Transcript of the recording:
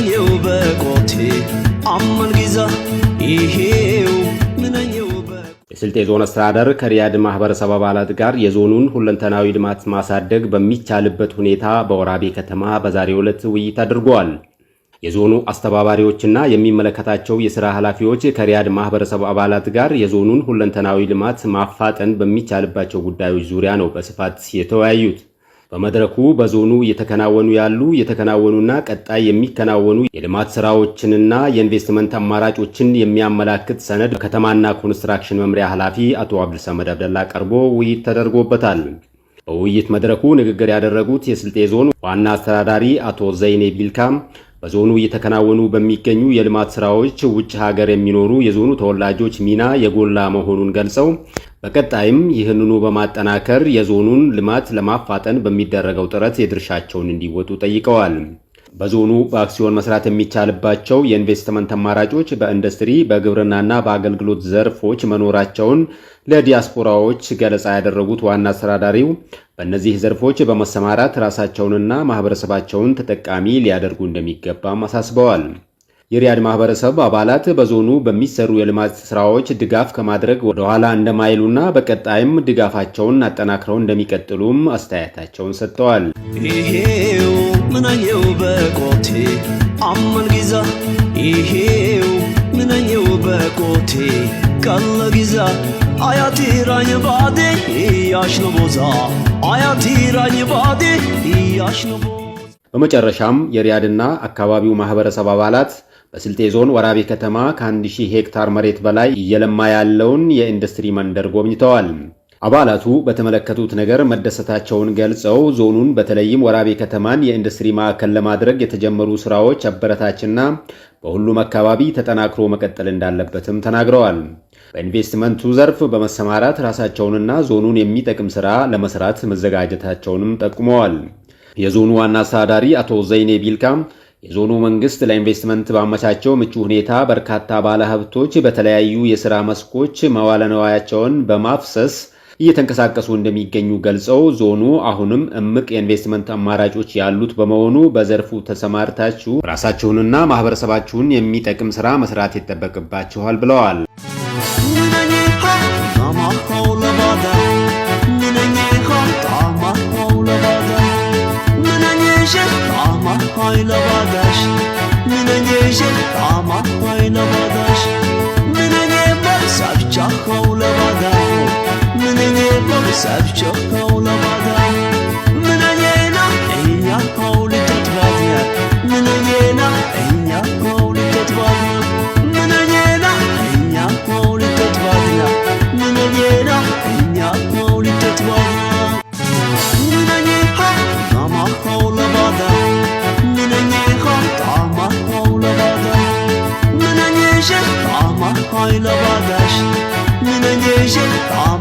ምነኘው በቆቴ አመን ጊዛ ይሄው ምነኘው። የስልጤ ዞን አስተዳደር ከሪያድ ማህበረሰብ አባላት ጋር የዞኑን ሁለንተናዊ ልማት ማሳደግ በሚቻልበት ሁኔታ በወራቤ ከተማ በዛሬው ዕለት ውይይት አድርጓል። የዞኑ አስተባባሪዎችና የሚመለከታቸው የሥራ ኃላፊዎች ከሪያድ ማህበረሰብ አባላት ጋር የዞኑን ሁለንተናዊ ልማት ማፋጠን በሚቻልባቸው ጉዳዮች ዙሪያ ነው በስፋት የተወያዩት። በመድረኩ በዞኑ እየተከናወኑ ያሉ የተከናወኑና ቀጣይ የሚከናወኑ የልማት ስራዎችንና የኢንቨስትመንት አማራጮችን የሚያመላክት ሰነድ በከተማና ኮንስትራክሽን መምሪያ ኃላፊ አቶ አብዱልሰመድ አብደላ ቀርቦ ውይይት ተደርጎበታል። በውይይት መድረኩ ንግግር ያደረጉት የስልጤ ዞን ዋና አስተዳዳሪ አቶ ዘይኔ ቢልካም በዞኑ እየተከናወኑ በሚገኙ የልማት ስራዎች ውጭ ሀገር የሚኖሩ የዞኑ ተወላጆች ሚና የጎላ መሆኑን ገልጸው በቀጣይም ይህንኑ በማጠናከር የዞኑን ልማት ለማፋጠን በሚደረገው ጥረት የድርሻቸውን እንዲወጡ ጠይቀዋል። በዞኑ በአክሲዮን መስራት የሚቻልባቸው የኢንቨስትመንት አማራጮች በኢንዱስትሪ በግብርናና በአገልግሎት ዘርፎች መኖራቸውን ለዲያስፖራዎች ገለጻ ያደረጉት ዋና አስተዳዳሪው በእነዚህ ዘርፎች በመሰማራት ራሳቸውንና ማህበረሰባቸውን ተጠቃሚ ሊያደርጉ እንደሚገባም አሳስበዋል። የሪያድ ማህበረሰብ አባላት በዞኑ በሚሰሩ የልማት ስራዎች ድጋፍ ከማድረግ ወደኋላ እንደማይሉና በቀጣይም ድጋፋቸውን አጠናክረው እንደሚቀጥሉም አስተያየታቸውን ሰጥተዋል። ይሄው ምናየው በቆቴ ይሄው ምናየው በቆቴ kanlı giza Hayat tirani vadi yaşlı boza Hayat tirani vadi yaşlı boza በመጨረሻም የሪያድና አካባቢው ማህበረሰብ አባላት በስልጤ ዞን ወራቤ ከተማ ከ1000 ሄክታር መሬት በላይ እየለማ ያለውን የኢንዱስትሪ መንደር ጎብኝተዋል። አባላቱ በተመለከቱት ነገር መደሰታቸውን ገልጸው ዞኑን በተለይም ወራቤ ከተማን የኢንዱስትሪ ማዕከል ለማድረግ የተጀመሩ ስራዎች አበረታችና በሁሉም አካባቢ ተጠናክሮ መቀጠል እንዳለበትም ተናግረዋል። በኢንቨስትመንቱ ዘርፍ በመሰማራት ራሳቸውንና ዞኑን የሚጠቅም ስራ ለመስራት መዘጋጀታቸውንም ጠቁመዋል። የዞኑ ዋና አስተዳዳሪ አቶ ዘይኔ ቢልካም የዞኑ መንግስት ለኢንቨስትመንት ባመቻቸው ምቹ ሁኔታ በርካታ ባለሀብቶች በተለያዩ የሥራ መስኮች መዋለ በማፍሰስ እየተንቀሳቀሱ እንደሚገኙ ገልጸው ዞኑ አሁንም እምቅ የኢንቨስትመንት አማራጮች ያሉት በመሆኑ በዘርፉ ተሰማርታችሁ ራሳችሁንና ማህበረሰባችሁን የሚጠቅም ስራ መስራት ይጠበቅባችኋል ብለዋል። serĉo kaj la badaŭ Mena jena ejja kaj li tetvadja Mena jena ejja kaj li tetvadja Mena jena ejja kaj li tetvadja Mena jena ejja kaj li tetvadja Mena jena nama kaj la badaŭ Mena jena tama kaj la badaŭ Mena jena tama kaj la badaŭ Mena jena tama